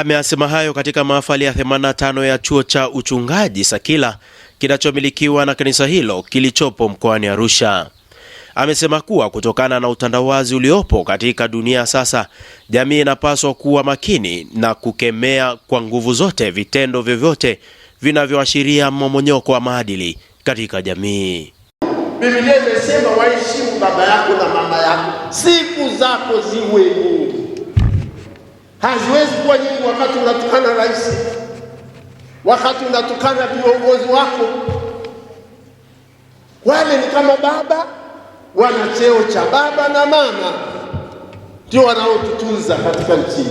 ameasema hayo katika mahafali ya 85 ya chuo cha uchungaji Sakila kinachomilikiwa na kanisa hilo kilichopo mkoani Arusha. Amesema kuwa kutokana na utandawazi uliopo katika dunia sasa, jamii inapaswa kuwa makini na kukemea kwa nguvu zote vitendo vyovyote vinavyoashiria mmomonyoko wa maadili katika jamii. Biblia imesema waheshimu baba yako na mama yako, siku zako ziwe ngumu haziwezi kuwa nyingi wakati unatukana rais, wakati unatukana viongozi wako. Wale ni kama baba, wana cheo cha baba na mama, ndio wanaotutunza katika nchi,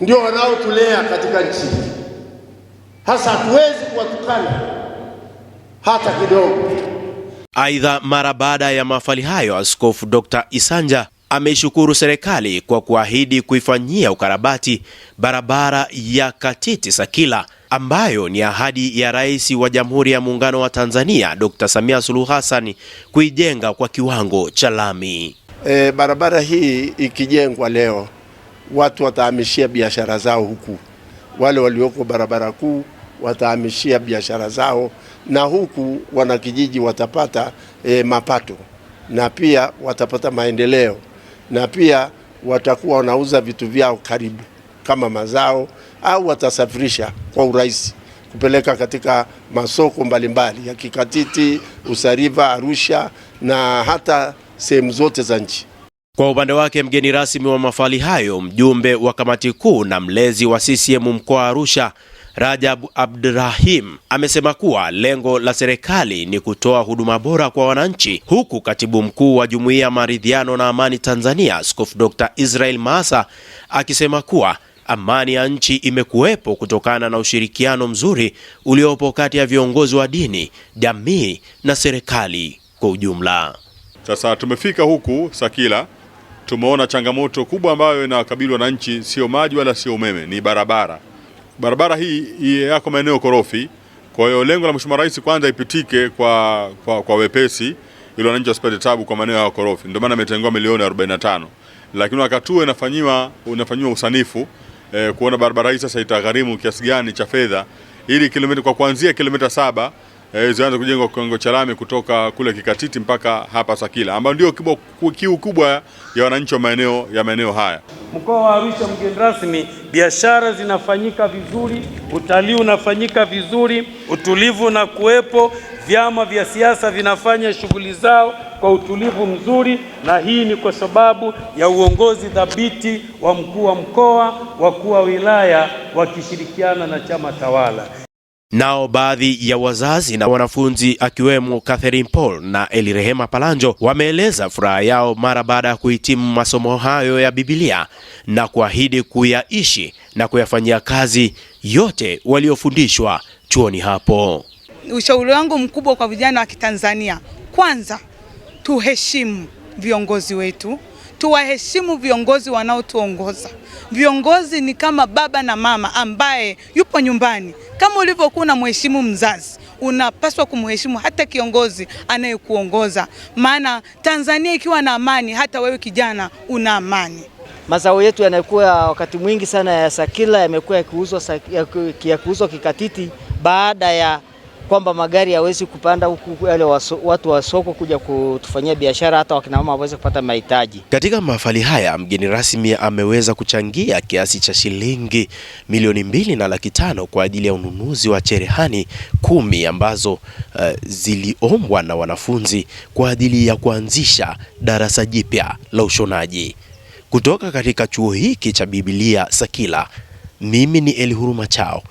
ndio wanaotulea katika nchi. Hasa hatuwezi kuwatukana hata kidogo. Aidha, mara baada ya mahafali hayo, Askofu Dr. Isanja ameishukuru serikali kwa kuahidi kuifanyia ukarabati barabara ya Katiti Sakila ambayo ni ahadi ya Rais wa Jamhuri ya Muungano wa Tanzania Dr. Samia Suluhu Hassan kuijenga kwa kiwango cha lami. E, barabara hii ikijengwa leo watu watahamishia biashara zao huku, wale walioko barabara kuu watahamishia biashara zao, na huku wanakijiji watapata e, mapato na pia watapata maendeleo na pia watakuwa wanauza vitu vyao karibu kama mazao au watasafirisha kwa urahisi kupeleka katika masoko mbalimbali ya Kikatiti, Usariva, Arusha na hata sehemu zote za nchi. Kwa upande wake mgeni rasmi wa mafali hayo, mjumbe wa kamati kuu na mlezi wa CCM mkoa Arusha Rajab abdurahim amesema kuwa lengo la serikali ni kutoa huduma bora kwa wananchi, huku katibu mkuu wa Jumuiya ya Maridhiano na Amani Tanzania Askofu Dr. Israel Maasa akisema kuwa amani ya nchi imekuwepo kutokana na ushirikiano mzuri uliopo kati ya viongozi wa dini, jamii na serikali kwa ujumla. Sasa tumefika huku Sakila, tumeona changamoto kubwa ambayo inawakabili wananchi, sio maji wala sio umeme, ni barabara barabara hii, yako maeneo korofi. Kwa hiyo lengo la Mheshimiwa Rais kwanza ipitike kwa, kwa, kwa wepesi ili wananchi wasipate tabu kwa maeneo ya korofi, ndio maana ametengewa milioni 45, lakini wakati huo inafanyiwa unafanyiwa usanifu eh, kuona barabara hii sasa itagharimu kiasi gani cha fedha ili kilomita kwa kuanzia kilomita saba e, zianze kujengwa kiwango cha lami kutoka kule Kikatiti mpaka hapa Sakila, ambayo ndio kiu kubwa ya wananchi wa maeneo ya maeneo haya. Mkoa wa Arusha, mgeni rasmi, biashara zinafanyika vizuri, utalii unafanyika vizuri, utulivu na kuwepo, vyama vya siasa vinafanya shughuli zao kwa utulivu mzuri, na hii ni kwa sababu ya uongozi dhabiti wa mkuu wa mkoa, wakuu wa wilaya wakishirikiana na chama tawala. Nao baadhi ya wazazi na wanafunzi akiwemo Catherine Paul na Elirehema Palanjo wameeleza furaha yao mara baada ya kuhitimu masomo hayo ya Biblia na kuahidi kuyaishi na kuyafanyia kazi yote waliofundishwa chuoni hapo. Ushauri wangu mkubwa kwa vijana wa Kitanzania, kwanza tuheshimu viongozi wetu tuwaheshimu viongozi wanaotuongoza. Viongozi ni kama baba na mama ambaye yupo nyumbani. Kama ulivyokuwa unamheshimu mzazi, unapaswa kumheshimu hata kiongozi anayekuongoza, maana Tanzania ikiwa na amani, hata wewe kijana una amani. Mazao yetu yanakuwa wakati mwingi sana ya Sakila yamekuwa yakiuzwa ya kikatiti baada ya kwamba magari hawezi kupanda huku wale watu wa soko kuja kutufanyia biashara, hata mama waweze kupata mahitaji. Katika mahafali haya mgeni rasmi ameweza kuchangia kiasi cha shilingi milioni mbili na laki tano kwa ajili ya ununuzi wa cherehani kumi ambazo uh, ziliombwa na wanafunzi kwa ajili ya kuanzisha darasa jipya la ushonaji. Kutoka katika chuo hiki cha Biblia Sakila, mimi ni Elihuru Machao.